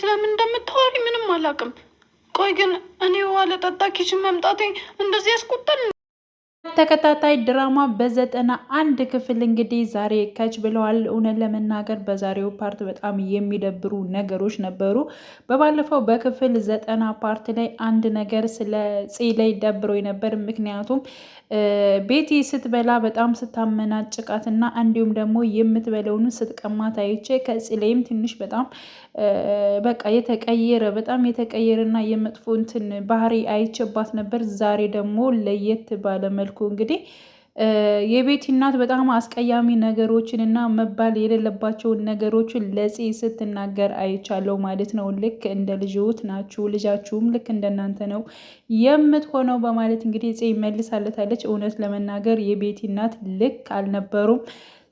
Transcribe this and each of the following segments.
ስለምን እንደምታወሪ ምንም አላውቅም። ቆይ ግን እኔ ውሃ ለጠጣ ኪችን መምጣቴ እንደዚህ ያስቆጣል? ተከታታይ ድራማ በዘጠና አንድ ክፍል እንግዲህ ዛሬ ከች ብለዋል። እውነት ለመናገር በዛሬው ፓርት በጣም የሚደብሩ ነገሮች ነበሩ። በባለፈው በክፍል ዘጠና ፓርት ላይ አንድ ነገር ስለ ፄ ላይ ደብሮ ነበር። ምክንያቱም ቤቲ ስትበላ በጣም ስታመናጭቃት እና እንዲሁም ደግሞ የምትበለውን ስትቀማት አይቼ ከፄ ላይም ትንሽ በጣም በቃ የተቀየረ በጣም የተቀየረ እና የመጥፎ እንትን ባህሪ አይቼባት ነበር። ዛሬ ደግሞ ለየት ባለመልኩ መልኩ እንግዲህ የቤቲ እናት በጣም አስቀያሚ ነገሮችን እና መባል የሌለባቸውን ነገሮችን ለጽ ስትናገር አይቻለው ማለት ነው። ልክ እንደ ልጅዎት ናችሁ፣ ልጃችሁም ልክ እንደናንተ ነው የምትሆነው በማለት እንግዲህ ጽ መልሳለታለች። እውነት ለመናገር የቤቲ እናት ልክ አልነበሩም።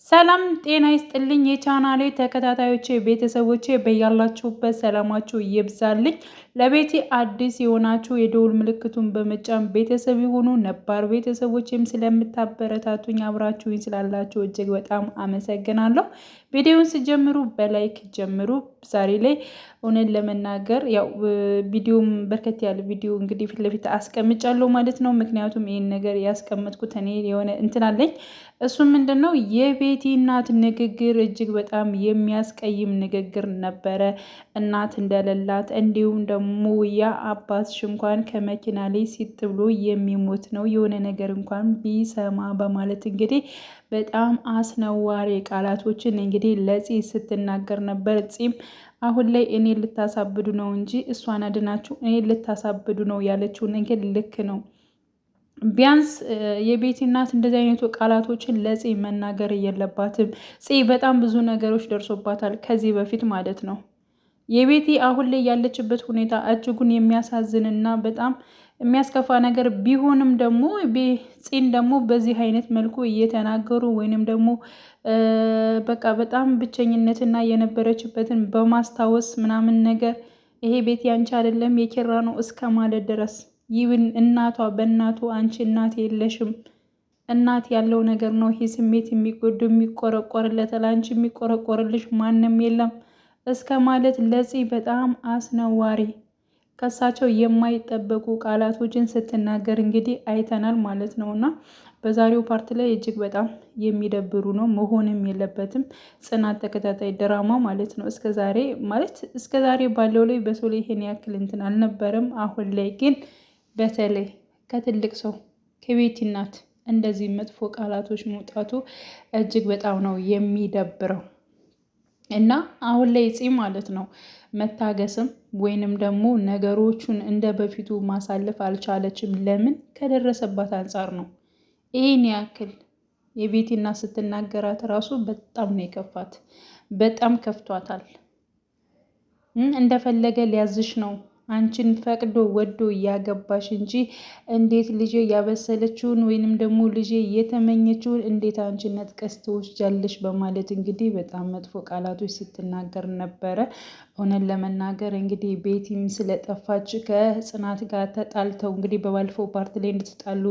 ሰላም ጤና ይስጥልኝ የቻናሌ ተከታታዮቼ ቤተሰቦቼ በያላችሁበት ሰላማችሁ ይብዛልኝ። ለቤቴ አዲስ የሆናችሁ የደውል ምልክቱን በመጫን ቤተሰብ የሆኑ ነባር ቤተሰቦችም ስለምታበረታቱኝ አብራችሁኝ ስላላችሁ እጅግ በጣም አመሰግናለሁ። ቪዲዮውን ስጀምሩ በላይክ ጀምሩ። ዛሬ ላይ እውነት ለመናገር ያው ቪዲዮም በርከት ያለ ቪዲዮ እንግዲህ ፊት ለፊት አስቀምጫለሁ ማለት ነው። ምክንያቱም ይህን ነገር ያስቀመጥኩት እኔ የሆነ እንትን አለኝ። እሱም ምንድን ነው የቤቲ እናት ንግግር እጅግ በጣም የሚያስቀይም ንግግር ነበረ። እናት እንደሌላት እንዲሁም ደግሞ ያ አባትሽ እንኳን ከመኪና ላይ ሲጥ ብሎ የሚሞት ነው የሆነ ነገር እንኳን ቢሰማ በማለት እንግዲህ በጣም አስነዋሪ ቃላቶችን እንግዲህ እንግዲህ ለጺ ስትናገር ነበር። ጺም አሁን ላይ እኔ ልታሳብዱ ነው እንጂ እሷን አድናችሁ እኔ ልታሳብዱ ነው ያለችው ነገር ልክ ነው። ቢያንስ የቤቲ እናት እንደዚህ አይነቱ ቃላቶችን ለጺ መናገር የለባትም። ጺ በጣም ብዙ ነገሮች ደርሶባታል ከዚህ በፊት ማለት ነው። የቤቲ አሁን ላይ ያለችበት ሁኔታ እጅጉን የሚያሳዝንና በጣም የሚያስከፋ ነገር ቢሆንም ደግሞ ጺን ደግሞ በዚህ አይነት መልኩ እየተናገሩ ወይንም ደግሞ በቃ በጣም ብቸኝነትና የነበረችበትን በማስታወስ ምናምን ነገር ይሄ ቤት ያንቺ አይደለም የኪራ ነው እስከ ማለት ድረስ ይብን እናቷ በእናቱ አንቺ እናት የለሽም እናት ያለው ነገር ነው ይሄ ስሜት የሚጎዱ የሚቆረቆርለት ለአንቺ የሚቆረቆርልሽ ማንም የለም እስከ ማለት ለጺ በጣም አስነዋሪ ከሳቸው የማይጠበቁ ቃላቶችን ስትናገር እንግዲህ አይተናል ማለት ነው እና በዛሬው ፓርት ላይ እጅግ በጣም የሚደብሩ ነው። መሆንም የለበትም ጽናት ተከታታይ ድራማ ማለት ነው። እስከዛሬ ማለት እስከዛሬ ባለው ላይ በሰው ላይ ይሄን ያክል እንትን አልነበረም። አሁን ላይ ግን በተለይ ከትልቅ ሰው ከቤቲ እናት እንደዚህ መጥፎ ቃላቶች መውጣቱ እጅግ በጣም ነው የሚደብረው። እና አሁን ላይ ፂ ማለት ነው መታገስም ወይንም ደግሞ ነገሮቹን እንደ በፊቱ ማሳለፍ አልቻለችም። ለምን ከደረሰባት አንጻር ነው። ይህን ያክል የቤቲና ስትናገራት ራሱ በጣም ነው የከፋት። በጣም ከፍቷታል። እንደፈለገ ሊያዝሽ ነው አንቺን ፈቅዶ ወዶ እያገባሽ እንጂ እንዴት ልጄ ያበሰለችውን ወይንም ደግሞ ልጄ የተመኘችውን እንዴት አንቺ ነጥቀሽ ትወስጃለሽ? በማለት እንግዲህ በጣም መጥፎ ቃላቶች ስትናገር ነበረ። እውነት ለመናገር እንግዲህ ቤቲም ስለጠፋች ከጽናት ጋር ተጣልተው እንግዲህ በባለፈው ፓርት ላይ እንድትጣሉ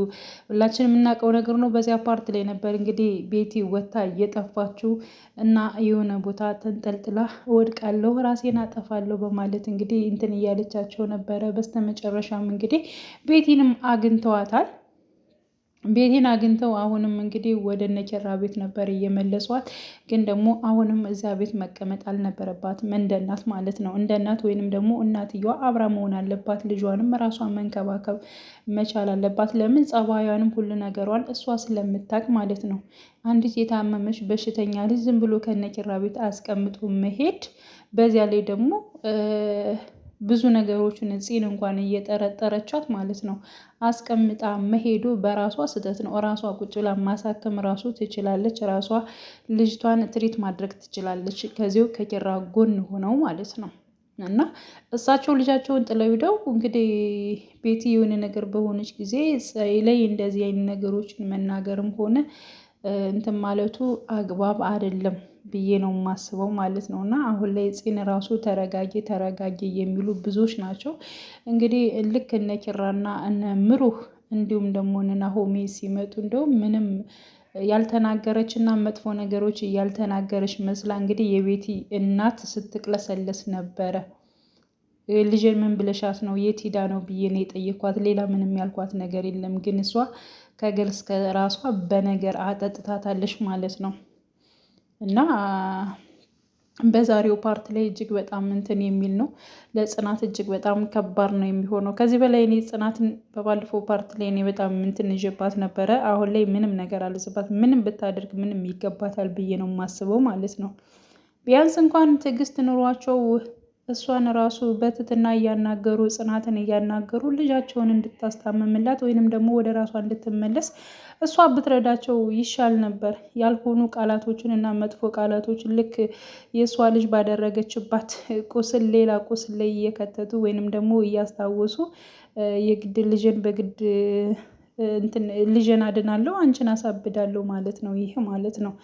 ሁላችን የምናውቀው ነገር ነው። በዚያ ፓርት ላይ ነበር እንግዲህ ቤቲ ወታ እየጠፋችው እና የሆነ ቦታ ተንጠልጥላ እወድቃለሁ፣ ራሴን አጠፋለሁ በማለት እንግዲህ እንትን እያለቻቸው ተሰጥቷቸው ነበረ። በስተመጨረሻም እንግዲህ ቤቲንም አግኝተዋታል። ቤቴን አግኝተው አሁንም እንግዲህ ወደ ነኪራ ቤት ነበር እየመለሷት። ግን ደግሞ አሁንም እዚያ ቤት መቀመጥ አልነበረባትም እንደ እናት ማለት ነው። እንደ እናት ወይንም ደግሞ እናትየዋ አብራ መሆን አለባት። ልጇንም ራሷን መንከባከብ መቻል አለባት። ለምን ጸባዩንም ሁሉ ነገሯን እሷ ስለምታቅ ማለት ነው። አንዲት የታመመች በሽተኛ ልጅ ዝም ብሎ ከነኪራ ቤት አስቀምጦ መሄድ በዚያ ላይ ደግሞ ብዙ ነገሮችን ጽን እንኳን እየጠረጠረቻት ማለት ነው አስቀምጣ መሄዱ በራሷ ስህተት ነው። ራሷ ቁጭ ብላ ማሳከም ራሱ ትችላለች። ራሷ ልጅቷን ትሪት ማድረግ ትችላለች። ከዚው ከኪራ ጎን ሆነው ማለት ነው እና እሳቸው ልጃቸውን ጥለው ሄደው እንግዲህ ቤቲ የሆነ ነገር በሆነች ጊዜ ላይ እንደዚህ አይነት ነገሮችን መናገርም ሆነ እንትን ማለቱ አግባብ አይደለም ብዬ ነው የማስበው ማለት ነው። እና አሁን ላይ ፂን ራሱ ተረጋጊ ተረጋጊ የሚሉ ብዙዎች ናቸው። እንግዲህ ልክ እነ ኪራና እነ ምሩህ እንዲሁም ደግሞ ናሆሜ ሲመጡ እንደውም ምንም ያልተናገረች እና መጥፎ ነገሮች ያልተናገረች መስላ እንግዲህ የቤቲ እናት ስትቅለሰለስ ነበረ። ልጄን ምን ብለሻት ነው? የት ሂዳ ነው ብዬ ነው የጠየኳት። ሌላ ምንም ያልኳት ነገር የለም ግን እሷ ከግል እስከ ራሷ በነገር አጠጥታታለች ማለት ነው። እና በዛሬው ፓርት ላይ እጅግ በጣም እንትን የሚል ነው። ለጽናት እጅግ በጣም ከባድ ነው የሚሆነው። ከዚህ በላይ እኔ ጽናትን በባለፈው ፓርት ላይ እኔ በጣም እንትን ይዤባት ነበረ። አሁን ላይ ምንም ነገር አልዝባት፣ ምንም ብታደርግ ምንም ይገባታል ብዬ ነው የማስበው ማለት ነው። ቢያንስ እንኳን ትዕግስት ኑሯቸው እሷን ራሱ በትትና እያናገሩ ጽናትን እያናገሩ ልጃቸውን እንድታስታምምላት ወይንም ደግሞ ወደ ራሷ እንድትመለስ እሷ ብትረዳቸው ይሻል ነበር። ያልሆኑ ቃላቶችን እና መጥፎ ቃላቶችን ልክ የእሷ ልጅ ባደረገችባት ቁስል ሌላ ቁስል ላይ እየከተቱ ወይንም ደግሞ እያስታወሱ የግድ ልጅን በግድ ልጅን አድናለሁ አንቺን አሳብዳለሁ ማለት ነው። ይህ ማለት ነው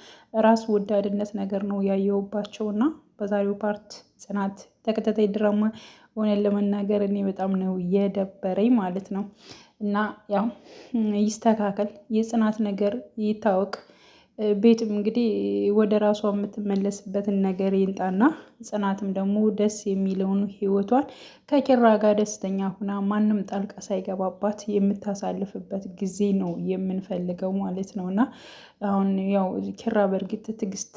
ራስ ወዳድነት ነገር ነው ያየውባቸውና። በዛሬው ፓርት ጽናት ተከታታይ ድራማ ሆነን ለመናገር እኔ በጣም ነው የደበረኝ ማለት ነው። እና ያው ይስተካከል፣ የጽናት ነገር ይታወቅ። ቤትም እንግዲህ ወደ ራሷ የምትመለስበትን ነገር ይንጣና ጽናትም ደግሞ ደስ የሚለውን ህይወቷን ከኪራ ጋር ደስተኛ ሁና ማንም ጣልቃ ሳይገባባት የምታሳልፍበት ጊዜ ነው የምንፈልገው ማለት ነው። እና አሁን ያው ኪራ በእርግጥ ትግስት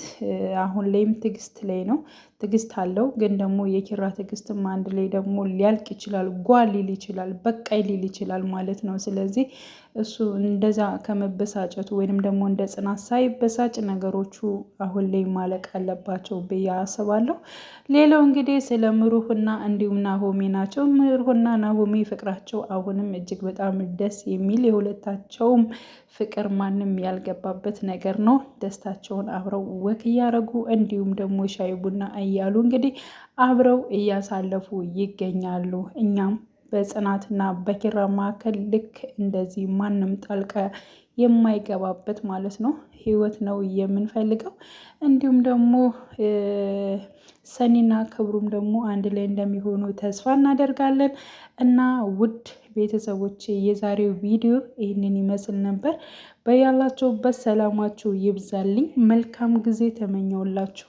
አሁን ላይም ትዕግስት ላይ ነው ትግስት አለው። ግን ደግሞ የኪራ ትዕግስትም አንድ ላይ ደግሞ ሊያልቅ ይችላል፣ ጓ ሊል ይችላል፣ በቃይ ሊል ይችላል ማለት ነው። ስለዚህ እሱ እንደዛ ከመበሳጨቱ ወይንም ደግሞ እንደ ጽናት ሳይበሳጭ ነገሮቹ አሁን ላይ ማለቅ አለባቸው ብዬ አስባለሁ። ሌላው እንግዲህ ስለ ምሩህና እንዲሁም ናሆሜ ናቸው። ምሩህና ናሆሜ ፍቅራቸው አሁንም እጅግ በጣም ደስ የሚል የሁለታቸውም ፍቅር ማንም ያልገባበት ነገር ነው። ደስታቸውን አብረው ወክ እያደረጉ እንዲሁም ደግሞ ሻይ ቡና እያሉ እንግዲህ አብረው እያሳለፉ ይገኛሉ። እኛም በጽናትና በኪራ መካከል ልክ እንደዚህ ማንም ጣልቃ የማይገባበት ማለት ነው ህይወት ነው የምንፈልገው። እንዲሁም ደግሞ ሰኒና ክብሩም ደግሞ አንድ ላይ እንደሚሆኑ ተስፋ እናደርጋለን። እና ውድ ቤተሰቦች የዛሬው ቪዲዮ ይህንን ይመስል ነበር። በያላችሁበት ሰላማችሁ ይብዛልኝ። መልካም ጊዜ ተመኘውላችሁ።